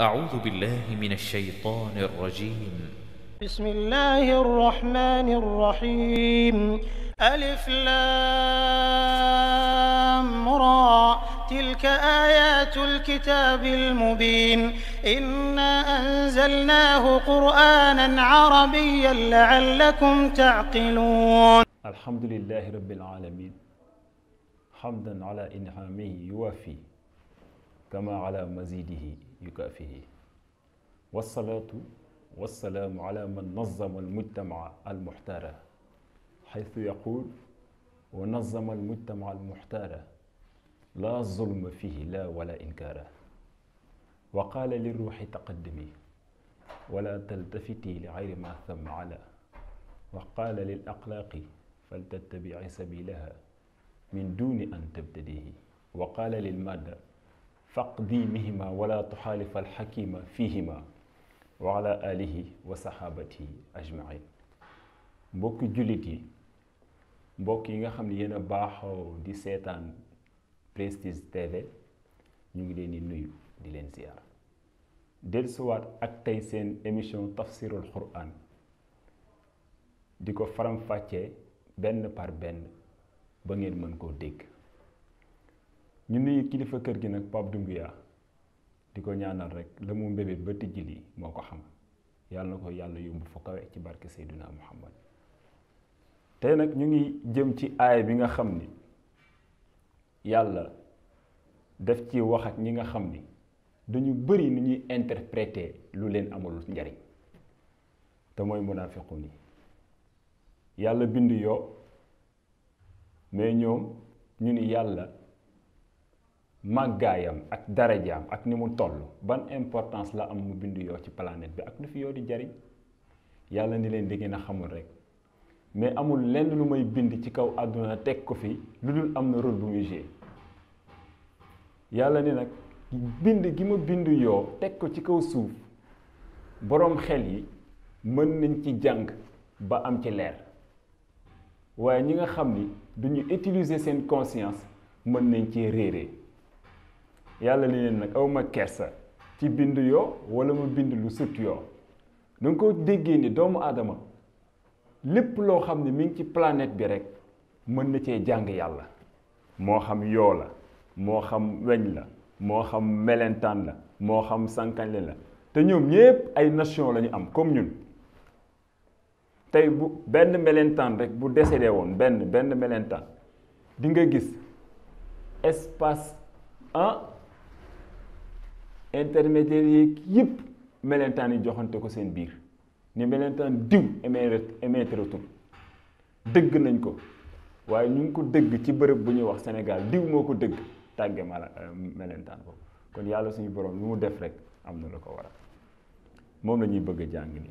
أعوذ بالله من الشيطان الرجيم بسم الله الرحمن الرحيم ألف لام را تلك آيات الكتاب المبين إنا أنزلناه قرآنا عربيا لعلكم تعقلون الحمد لله رب العالمين حمدا على إنعامه يوافي كما على مزيده يكافئه والصلاة والسلام على من نظم المجتمع المحتار حيث يقول ونظم المجتمع المحتار لا ظلم فيه لا ولا إنكار وقال للروح تقدمي ولا تلتفتي لغير ما ثم على وقال للأخلاق فلتتبعي سبيلها من دون أن تبتديه وقال للمادة فاقديمهما ولا تحالف الحكيم فيهما وعلى آله وصحابته أجمعين بوك جلتي بوك ييغا خامل ينا باخو دي سيتان بريستيج تي في نيغي لين دي لين زيار ديل سوات اكتايسين تاي تفسير القران ديكو فرام فاكي بن بار بن با نين ديك ñu nuyu kilifa kër gi nag Pape Doumbia di ko ñaanal rek la mu mbébét ba tijji lii moo ko xam yàlla na ko yàlla yumb fa kawe ci barke Seydina Muhammad tey nag ñu ngi jëm ci aaya bi nga xam ni yàlla def ci wax ñi nga xam ni dañu bëri ni ñuy interpréter lu leen amul njariñ te mooy munaafiqu nii yàlla bind yoo mais ñoom ñu ni yàlla màggaayam ak darajaam ak ni mu toll ban importance la am mu bind yoo ci planète bi ak lu fi yoo di jariñ yàlla ni leen di ngeen a xamul rek mais amul lenn lu may bind ci kaw àdduna teg ko fi lu dul am na rôle bu muy jouer yàlla ni nag bind gi ma bind yoo teg ko ci kaw suuf boroom xel yi mën nañ ci jàng ba am ci leer waaye ñi nga xam ni duñu utiliser seen conscience mën nañ ci réere yàlla li leen nag awma kersa ci bind yoo wala ma bind lu sut yoo da nga ko déggee ni doomu aadama lépp loo xam ne mi ngi ci planet bi rek mën na cee jàng yàlla moo xam yoo la moo xam weñ la moo xam melentaan la moo xam sankañle la te ñoom ñépp ay nation lañu am comme ñun tey bu benn melentaan rek bu décédé woon benn benn melentaan di gis espace un intermédiaires yeeg yëpp melentaan yi joxante ko seen biir ne melentaan diw émettre dëgg nañ ko waaye ñu ko dëgg ci bërëb bu ñuy wax Sénégal diw moo ko tàgge mala melentaan ko kon yàlla suñu borom lu mu def rek am na ko waral moom la bëgg jàng nii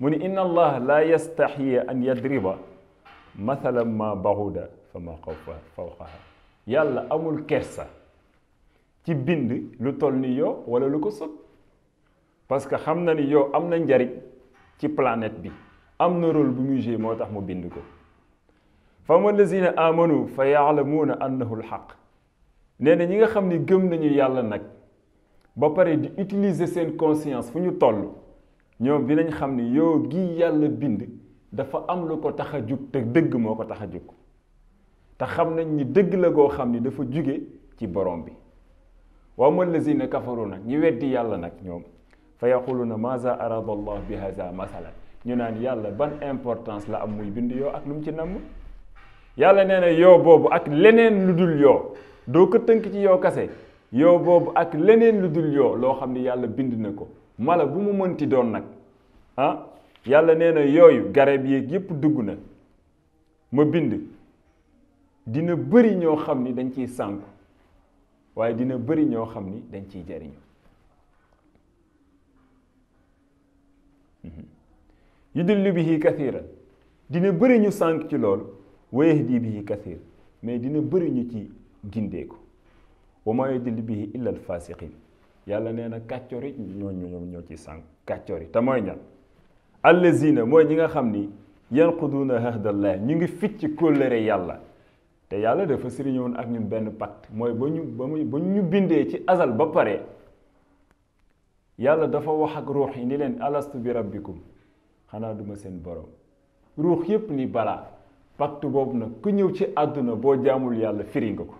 mu inna allah laa yastaxi an yadriba mathalan ma baxuda fa ma fawqaha yàlla amul kersa ci bind lu toll ni yow wala lu ko sot parce que xam na ni yow am na njariñ ci planète bi am na rôle bu muy jouer moo tax mu bind ko fa ma lazina amanu fa yaalamuuna annahu lxaq nee na ñi nga xam ni gëm nañu yàlla nag ba pare di utiliser seen conscience fu ñu toll ñoom dinañ xam ni yow gi yàlla bind dafa am lu ko tax a jug te dëgg moo ko tax a jug te xam nañ ni dëgg la goo xam ni dafa juge ci borom bi wa amma allazina kafaru nag ñi weddi yàlla nag ñoom fa yaquluna maza arada allah bi haza masalan ñu naan yàlla ban importance la am muy bind yoo ak lu mu ci namm yàlla nee na yoo boobu ak leneen lu dul yoo doo ko tënk ci yoo kase yoo boobu ak leneen lu dul loo xam ne yàlla bind na ko mala bu mu mënti doon nag ah yàlla nee na yooyu garab yéeg yépp dugg na ma bind dina bëri ñoo xam ni dañ ciy sànku waaye dina bëri ñoo xam ni dañ ciy jariñu mhm. yudillu bihi kathira dina bëri ñu sànq ci lool wa yahdi bihi kathir mais dina bëri ñu ci gindeeku wa ma yudillu bihi illa al yàlla nee na kàccor yi ñoo ñoo ci sànq kàccor yi te mooy ñan allazina mooy ñi nga xam ni yanquduuna ahdallahi ñu ngi ficc kóllëre yàlla te yàlla dafa sëriñoon ak ñun benn pacte mooy ba ñu ba mu ba ñu bindee ci azal ba pare yàlla dafa wax ak ruux yi ni leen alastu bi rabbikum xanaa duma seen borom ruux yépp ni balaa pacte boobu nag ku ñëw ci àdduna boo jaamul yàlla firi nga ko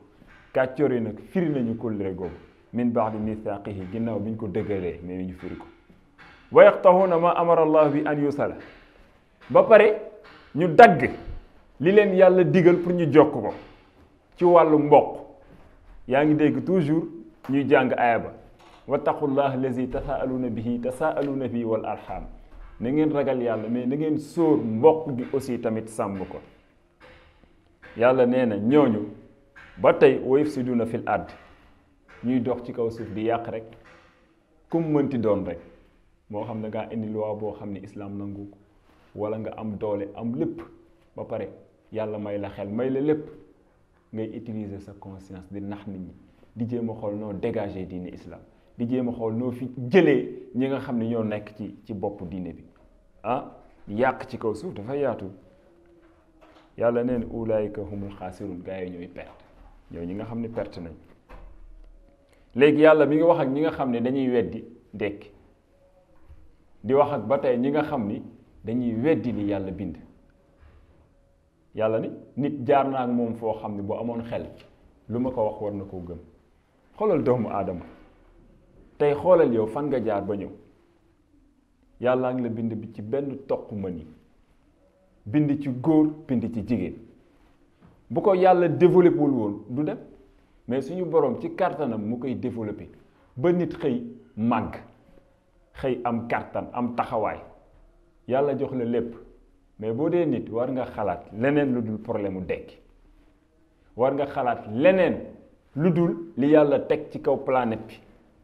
kàccoor yi nag firi nañu kóllëre googu min ba'di yi ginnaaw bi ñu ko dëggalee mais ñu firi ko wa yaqta'uuna ma amara bi an yusala ba pare ñu dagg li leen yàlla digal pour ñu jokk ko ci wàllu mbokk yaa ngi dégg toujours ñuy jàng aaya ba wattaqullah lazi tasaaluuna bihi tasaaluuna bihi wal arham na ngeen ragal yàlla mais na ngeen sóor mbokk gi aussi tamit sàmm ko yàlla nee na ñooñu ba tey wayuf si duna fil àdd ñuy dox ci kaw suuf bi yàq rek kum mënti doon rek moo xam ne ngaa indi loi boo xam ne islaam nangu ko wala nga am doole am lépp ba pare yàlla may la xel may la lépp ngay utiliser sa conscience di nax nit ñi di jéem a xool noo dégager diine islam di jéem a xool noo fi jëlee ñi nga xam ne ñoo nekk ci ci bopp diine bi ah yàq ci kaw suuf dafa yaatu yàlla neen ulaayika humul xaasirun gaa yi ñooy perte ñoo ñi nga xam ne perte nañ léegi yàlla bi nga wax ak ñi nga xam ne dañuy weddi dekk di wax ak ba tey ñi nga xam ni dañuy weddi li yàlla bind yàlla ni nit jaar naa ak moom foo xam ne bu amoon xel lu ma ko wax war na koo gëm xoolal doomu aadama tey xoolal yow fan nga jaar ba ñëw yàlla ngi la bind bi ci benn toq mën bind ci góor bind ci jigéen bu ko yàlla développé wul woon du dem mais suñu borom ci kàttanam mu koy développé ba nit xëy màgg xëy am kàttan am taxawaay yàlla jox la lépp mais boo dee nit war nga xalaat leneen lu dul problème mu dekki war nga xalaat leneen lu dul li yàlla teg ci kaw planète bi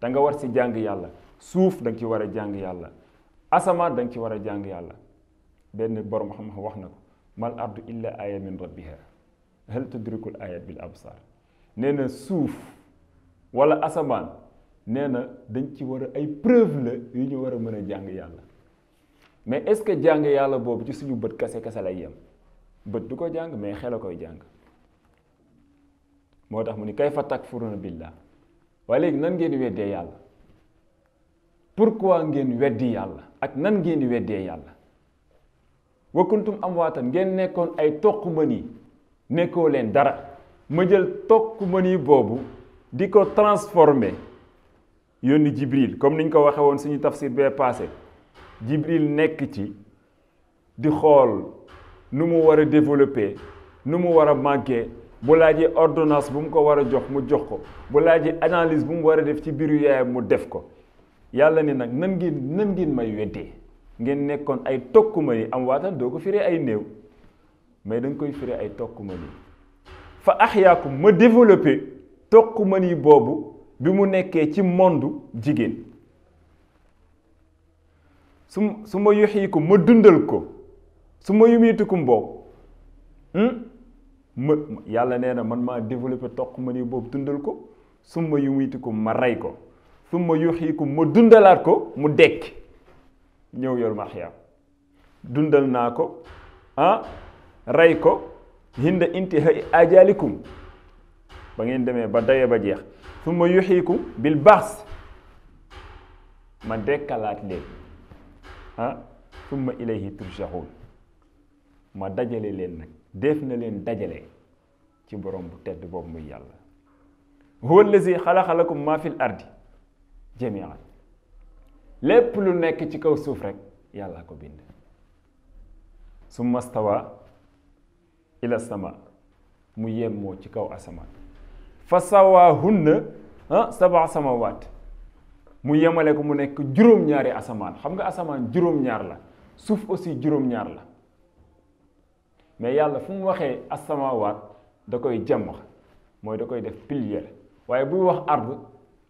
da nga war si jàng yàlla suuf da ci war a jàng yàlla asamaan da ci war a jàng yàlla benn borom xam-xam wax na ko mal ardu illa aya min rabbiha hal tudrikul ayat bil absar nee na suuf wala asamaan nee na dañ ci war ay preuve la yu ñu war a mën a jàng yàlla mais est-ce que jàng yalla bobu ci suñu beut le kase lay yam beut duko jang mais xel koy jàng le faire mu ni billah nan ngeen pourquoi ngeen weddi yalla ak nan ngeen wedde yalla wa kuntum amwatan ngeen nekkoon ay toq dara ma jël jibril comme niñ ko waxe suñu tafsir be passé Jibril nekk ci di xool nu mu war a développer nu mu war a màggee bu laajee ordonance bu mu ko war a jox mu jox ko bu laajee analyse bu mu war a def ci biiru yaayam mu def ko yàlla ni nag nan ngeen nan ngeen may weddee ngeen nekkoon ay ma ni am waatal doo ko firee ay néew mais da koy firee ay tokkuma ni fa axyaakum ma développé ma ni boobu bi mu nekkee ci monde jigéen su su ma yuxiikum ma dundal ko su ma yumiitukum hmm? boobu ma yàlla nee na man maa développé toq ma ni boobu dundal ko su ma yumiitukum ma rey ko su ma yuxiikum ma dundalaat ko mu dekk ñëw yor maxyaam dundal naa ko ah rey ko hinda intihaa ajalikum ba ngeen demee ba daye ba jeex su ma yuxiikum bil baas ma dekkalaat leen ah summa ilayhi ma dajale leen nag def na leen dajale ci borom bu tedd boobu muy yàlla huwa allazi xalaqa ma fil ardi jamian lépp lu nekk ci kaw suuf rek yàlla ko bind su stawa ila sama mu yemmoo ci kaw asamaan fa sawaahunna sabaa samawaat mu yemale ko mu nek juróom-ñaari asaman xam nga asaman juróom-ñaar la suuf aussi juróom-ñaar la mais yalla fu mu waxee asamawat da koy jàmm moy da koy def pilier waye bu wax ardu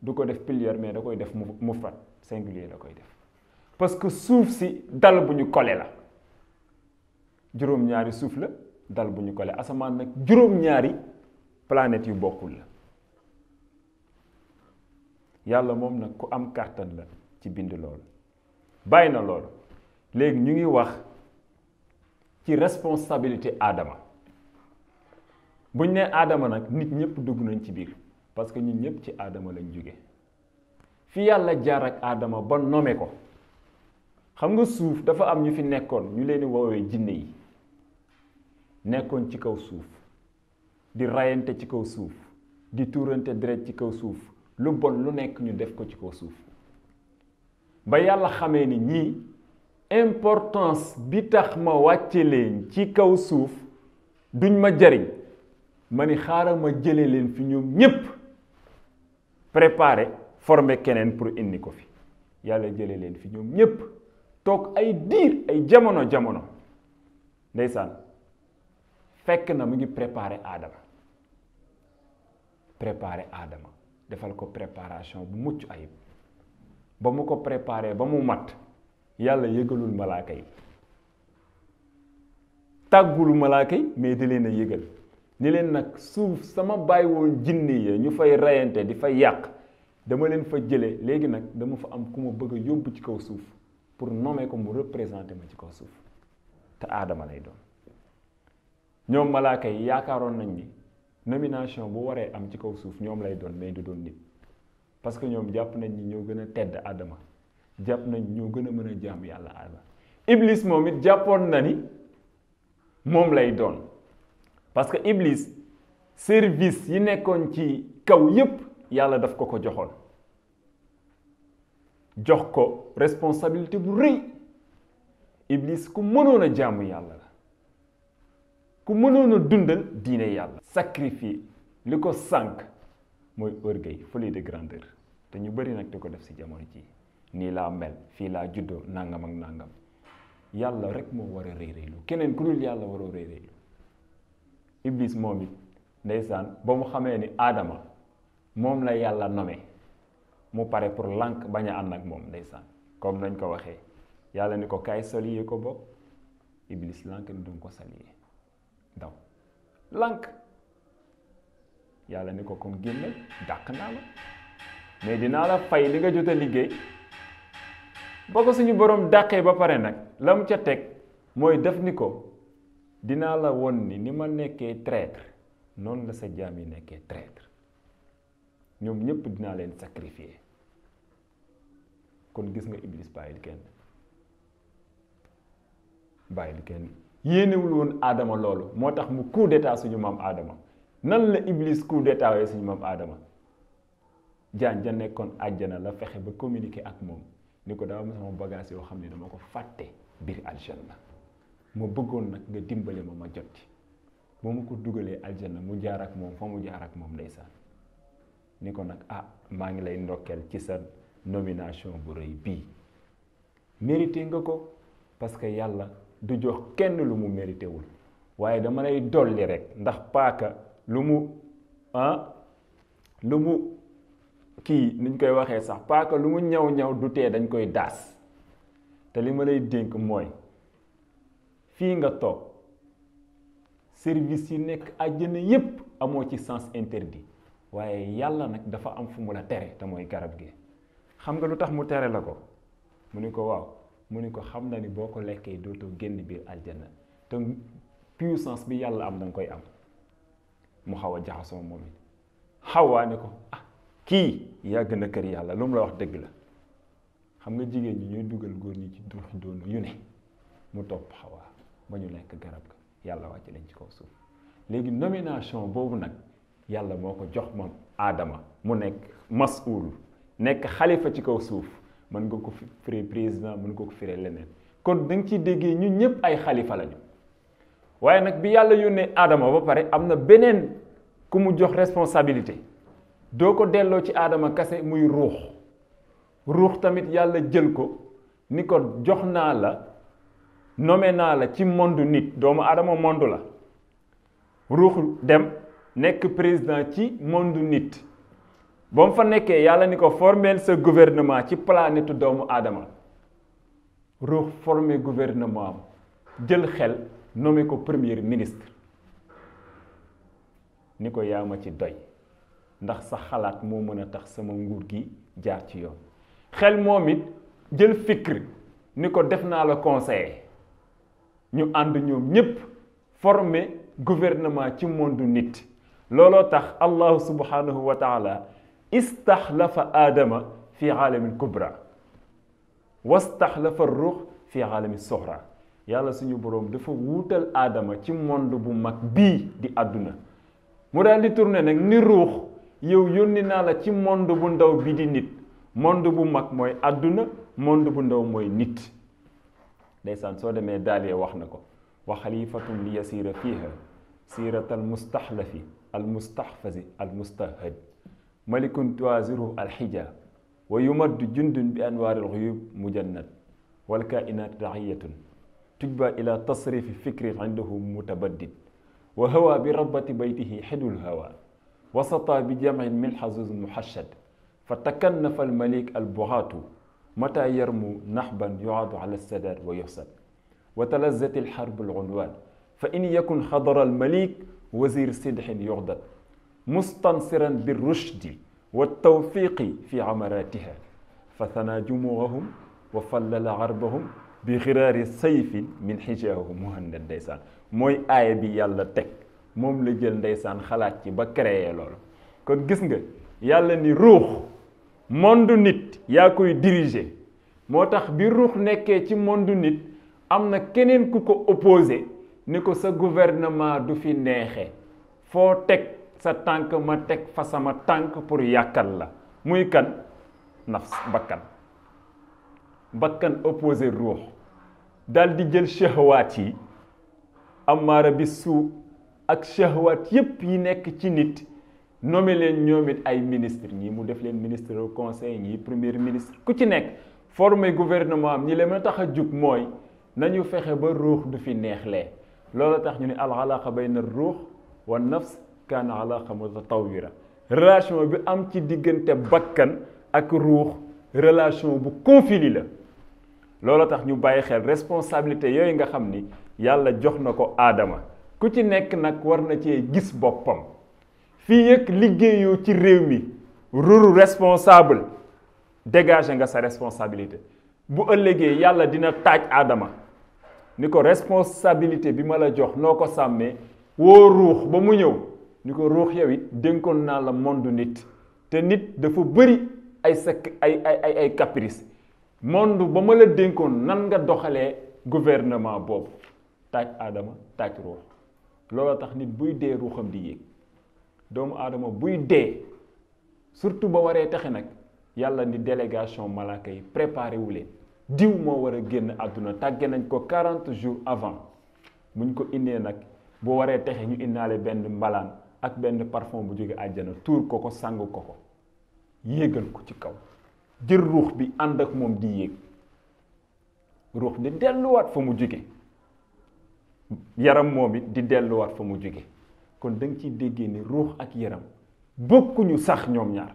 du ko def pilier mais da koy def mufrad singulier da koy def parce que suuf si dal buñu ñu la juróom-ñaari suuf la dal buñu ñu asaman nak ñaari planète yu bokul la yàlla moom nag ku am kàttan la ci bind loolu bàyyi na lool léegi ñu ngi wax ci responsabilité aadama buñ nee aadama nag nit ñëpp dugg nañ ci biir parce que ñun ñëpp ci aadama lañ jóge fi yàlla jaar ak aadama ba nome ko xam nga suuf dafa am ñu fi nekkoon ñu leen di woowee jinne yi nekkoon ci kaw suuf di reyante ci kaw suuf di tuurante deret ci kaw suuf lu bon lu nekk ñu def ko ci kaw suuf ba yàlla xamee ni ñii importance bi tax ma wàcce leen ci kaw suuf duñ ma jariñ ma ni xaaral ma jële leen fi ñoom ñépp préparé formé keneen pour indi ko fi yàlla jële leen fi ñoom ñépp toog ay diir ay jamono jamono ndeysaan fekk na mu ngi préparé aadama préparé aadama defal ko préparation bu mucc ayib ba mu ko préparé ba mu mat yàlla yëgalul malaaka yi tàggul malaaka yi mais di leen a yëgal ni leen nag suuf sama bàyyi woon jinne ya ñu fay reyante di fay yàq dama leen fa jële léegi nag dama fa am ku ma bëgg a yóbbu ci kaw suuf pour nommer ko mu représenter ma ci kaw suuf te aadama lay doon ñoom malaaka yi yaakaaroon nañ ni nomination bu waree am ci kaw suuf ñoom lay doon mais du doon nit parce que ñoom jàpp nañ ñi ñoo gën a tedd Adama jàpp nañ ñoo gën a mën a jàmm yàlla Adama Iblis moom it jàppoon na ni moom lay doon parce que Iblis service yi nekkoon ci kaw yépp yàlla daf ko ko joxoon jox ko responsabilité bu rëy Iblis ku mënoon a jàmm yàlla la ku mënoon a dundal diine yàlla sacrifier li ko sànq mooy orgueil folie de grandeur te ñu bëri nag di ko def si jamono ci nii laa mel fii laa juddoo nangam ak nangam yàlla rek moo war a rëy rëylu keneen ku dul yàlla waroo rëy rëylu iblis moom it ndeysaan ba mu xamee ni aadama moom la yàlla nome mu pare pour lank bañ a ànd ak moom ndeysaan comme nañ ko waxee yàlla ni ko kaay saliye ko bopp iblis lànk ni du ko saliye daw lànk yàlla ni ko comme génne dàq naa la mais dinaa la fay li nga jot a liggéey ba ko suñu boroom dàqee ba pare nag la mu ca teg mooy def ni ko dinaa la won ni ni ma nekkee traître noonu la sa jaam yi nekkee traître ñoom ñépp dinaa leen sacrifier kon gis nga Iblis bàyyil kenn bàyyil kenn yéenewul woon aadama loolu moo tax mu coup d'état suñu maam aadama nan la iblis coup d'état wee suñu maam aadama jaan ja nekkoon àjjana la fexe ba communiquer ak moom ni ko dama sama bagage yoo xam ne dama ko fàtte biir aljanna ma bëggoon nag nga dimbale ma ma jot ci ba mu ko dugalee aljanna mu jaar ak moom fa mu jaar ak moom ndeysaan ni ko nag ah maa ngi lay ndokkeel ci sa nomination bu rëy bii mérité nga ko parce que yàlla du jox kenn lu mu mérité waaye dama lay dolli rek ndax paaka lu mu ah lu mu kii niñ koy waxee sax paaka lu mu ñaw ñaw du tee dañ koy daas te li ma lay dénk mooy fii nga toog service yi nekk àjjana yépp amoo ci sens interdit waaye yàlla nag dafa am fu mu la tere te mooy garab gi xam nga lu tax mu tere la ko mu ni ko waaw mu ni ko xam ni boko lekke doto génn bir aljanna te puissance bi yàlla am dang koy am mu xawa jaxaso jaxasoo moom ne ko ah ki yag na kër yàlla lum la wax deug la xam nga jigen ñi ñooy duggal góor ñi ci duux doonu yu ne mu top xawaa ba ñu lekk garab ga yàlla wàcc leen ci ko suuf léegi nomination bobu nak yàlla moko jox mom adama mu nek mas'ul nek khalifa ci kaw suuf mën nga ko firee président mën nga ko firee leneen kon da nga ciy déggee ñun ñëpp ay xalifa lañu waaye nag bi yàlla yónnee aadama ba pare am na beneen ku mu jox responsabilité doo ko delloo ci aadama kase muy ruux ruux tamit yàlla jël ko ni ko jox naa la nommé naa la ci monde nit doomu aadama monde la ruux dem nekk président ci monde nit ba mu fa nekkee yàlla ni ko formel sa gouvernement ci planète doomu aadama ruux formé gouvernement jël xel nommé ko premier ministre ni ko yaa ma ci doy ndax sa xalaat moo mën a tax sama nguur gi jaar ci yoon xel moom it jël fikr ni ko def naa la conseiller ñu ànd ñoom ñépp formé gouvernement ci monde nit looloo tax allahu subhanahu wa taala استحلف آدم في عالم الكبرى واستحلف الروح في عالم الصغرى yàlla suñu boroom dafa wuutal aadama ci monde bu mag bii di àdduna mu daal di tourné nag ni ruux yow yónni naa la ci monde bu ndaw bi di nit monde bu mag mooy àdduna monde bu ndaw mooy nit ndeysaan soo demee daalee wax na ko wa xalifatun li yasira fiiha siirata almustaxlafi almustaxfasi almustahad ملك توازره الحجة ويمد جند بأنوار الغيوب مجند والكائنات رعية تجبى إلى تصريف فكر عنده متبدد وهوى بربة بيته حد الهوى وسطى بجمع من حزوز محشد فتكنف الملك البغاة متى يرمو نحبا يعاد على السدر ويفسد وتلذت الحرب العنوان فإن يكن حضر الملك وزير سدح يغدد مستنصرا بالرشد والتوفيق في عمراتها فثنى جموعهم وفلل عربهم بغرار سيف من حجاه مهند ديسان موي آية بي يالا تك موم لجل ديسان خلاتي بكري لول كون جسنجا يالا ني روح موندو نيت ياكو ديريجي موتاخ بي روح نكي تي موندو نيت amna كنين كوكو ko نكو سا ko sa gouvernement du fi neexe sa tànk ma teg fa sama tànk pour yàkkal la muy kan nafs bakkan bakkan opposé ruux dal di jël shahwaat yi am amaara bi suu ak shahwaat yépp yi nekk ci nit nommé leen ñoom ay ministre ñii mu def leen ministre conseil ñi premier ministre ku ci nekk formé gouvernement am ñi leen a tax a jug mooy nañu fexe ba ruux du fi neexlee loolu tax ñu ne alxalaqa bayna ruux wa nafs kaana ala xamasa tawwira relation bi am ci diggante bakkan ak ruux relation bu conflit la loola tax ñu bàyyi xel responsabilité yooyu nga xam ni yàlla jox na ko aadama ku ci nekk nag war na cee gis boppam fii yëg liggéeyoo ci réew mi ruru responsable dégage nga sa responsabilité bu ëllëgee yàlla dina taaj aadama ni ko responsabilité bi ma la jox noo ko sàmmee woo ruux ba mu ñëw ni ko ruux yow it dénkoon naa la monde nit te nit dafa bëri ay sec ay ay ay caprice monde ba ma la dénkoon nan nga doxalee gouvernement boobu taaj aadama taaj ruux looloo tax nit buy dee ruuxam di yéeg doomu aadama buy dee surtout ba waree taxe nag yàlla ni délégation malaaka yi préparé wu leen diw moo war a génn àdduna tàgge nañ ko 40 jours avant buñ ko indee nag boo waree texe ñu indaale benn mbalaan ak benn parfum bu jóge àjjana tuur ko ko sang ko ko yéegal ko ci kaw jël ruux bi ànd ak moom di yéeg ruux di delluwaat fa mu jóge yaram moom it di delluwaat fa mu jóge kon danga ci ciy déggee ni ruux ak yaram bokkuñu sax ñoom ñaar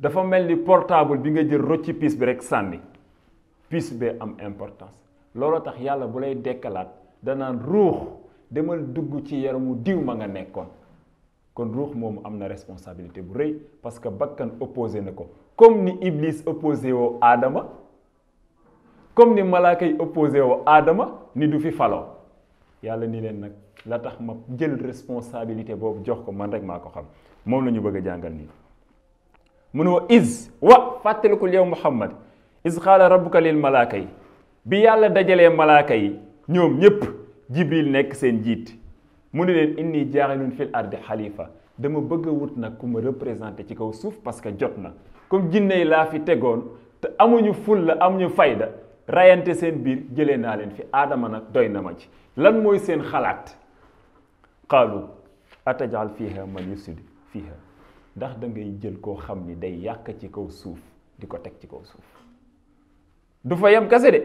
dafa mel ni portable bi nga jël rocci piis bi rek sànni piis bee am importance looloo tax yàlla bu lay dekkalaat danaan ruux demal dugg ci yaramu diw ma nga nekkoon kon ruux moomu am na responsabilité bu rëy parce que bakkan opposé na ko comme ni iblis opposé woo aadama comme ni malaaka yi opposé woo aadama ni du fi faloo yàlla ni leen nag la tax ma jël responsabilité boobu jox ko man rek maa ko xam moom la ñu bëgg a jàngal nii mu wa is wa fàttalikul yow muhammad is xaala rabbuka lil malaaka yi bi yàlla dajalee malaaka yi ñoom jibril nekk seen jiit mu ne leen inni jaaxilun fi ardi xalifa dama bëgg a wut nag ku ma représenté ci kaw suuf parce que jot na comme jinne yi laa fi tegoon te amuñu fulla amuñu fayda rayante seen biir jëlee naa leen fi aadama nag doy na ma ci lan mooy seen xalaat xaalu atajal fiha man yusid fiha ndax da ngay jël koo xam ni day yàq ci kaw suuf di ko teg ci kaw suuf du fa yam kase de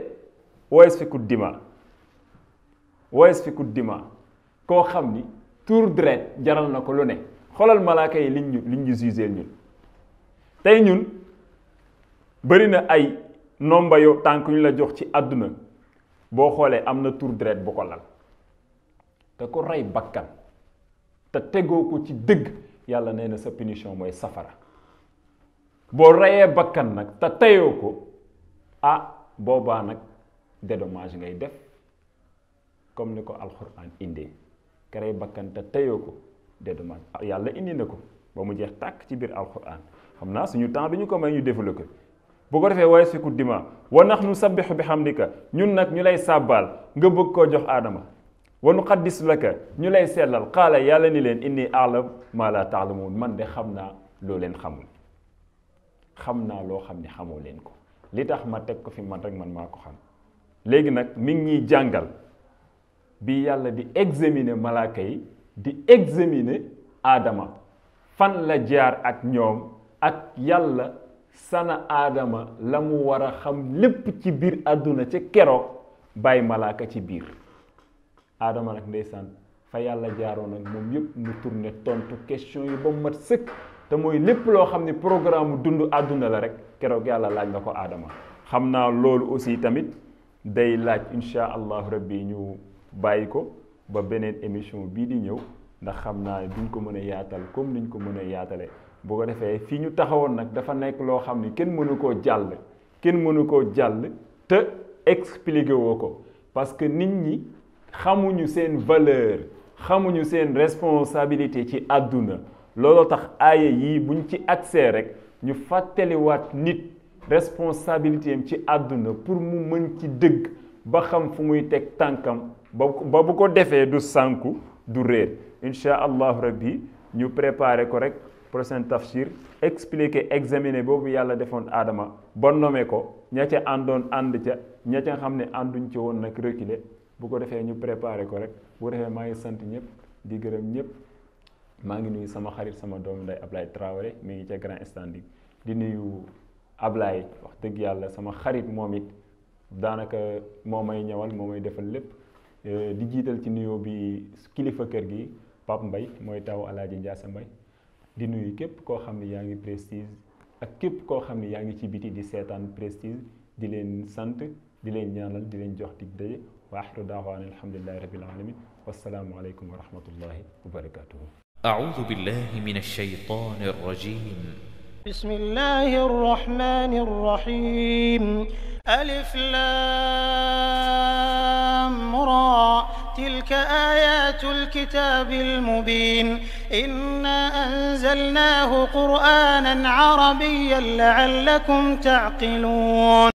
waes fiku dima wayes fiku dima koo xam ni tour deret jaral na ko lu ne xoolal malaaka yi liñ ñu liñ ñu jugeel ñun tey ñun bëri na ay nomba yo tànk ñu la jox ci àdduna boo xoolee am na tour deret bu ko lal te ko rey bakkan te tegoo ko ci dëgg yàlla nee na sa punition mooy safara boo reyee bakkan nag te teyoo ko ah boobaa nag dédommage ngay def comme niko alquran alxuraan kere bakanta tayoko teyoo man yàlla indi nako ba mu jeex tak ci bir alquran xamna suñu temps bi ko may ñu développer bu ko defé way siku dima wa nahnu nu bihamdika ñun nak ñu lay sabbal nga bëgg ko jox adama wa nuqaddis laka ñu lay sellal qala yàlla ni len inni a'lam ma la ta'lamun man de xamna lo len xamul xamna lo xamni xam ne ko li tax ma tek ko fi man rek man mako xam léegi nak mi ngi jàngal bi yàlla di examiner malaaka yi di examiner aadama fan la jaar ak ñoom ak yàlla sana aadama la mu war a xam lépp ci biir àdduna ci keroog bàyyi malaaka ci biir aadama nag ndeysaan fa yàlla jaaroo ak moom yépp mu tourné tontu question yi ba mu mat sëkk te mooy lépp loo xam ne programme dund àdduna la rek keroog yàlla laaj na ko aadama xam naa loolu aussi tamit day laaj insha allahu rabbi ñu bàyyi ko ba beneen émission bii di ñëw ndax xam naa ne duñ ko mën a yaatal comme niñ ko mën a yaatale bu ko defee fii ñu taxawoon nag dafa nekk loo xam ni kenn mënu koo jàll kenn mënu koo jàll te expliqué woo ko parce que nit ñi xamuñu seen valeur xamuñu seen responsabilité ci àdduna looloo tax aaya yii buñ ci accès rek ñu fàttaliwaat nit responsabilité am ci àdduna pour mu mën ci dëgg ba xam fu muy teg tànkam ba ba bu ko defee du sànku du réer incha allahu rabbi ñu préparer ko rek prochain tafsir expliquer examiner boobu yàlla defoon aadama ba nommé ko ña ca àndoon ànd ca ñeca ca xam ne ànduñ ci woon nag reculer bu ko defee ñu préparer ko rek bu defee maa ngi sant ñëpp di gërëm ñëpp maa ngi nuyu sama xarit sama doom nday Ablaye Traoré mi ngi ca grand stand di nuyu Ablaye wax dëgg yàlla sama xarit moom it daanaka moo may ñëwal moo may defal lépp di jiital ci nuyo bi kilifa kër gi pap mbay moy taw Alaaji Ndiassa mbay di nuyu képp koo xam ne yaa ngi Prestige ak képp koo xam ne yaa ngi ci biti di seetaan Prestige di leen sant di leen ñaanal di leen jox dig daje wa axiru daawaana alhamdulilahi rabbil alamin wassalaamu alaykum wa rahmatullahi wa barakatuhu أعوذ بالله من الشيطان الرجيم بسم الله الرحمن الرحيم ألف لام را تلك آيات الكتاب المبين إنا أنزلناه قرآنا عربيا لعلكم تعقلون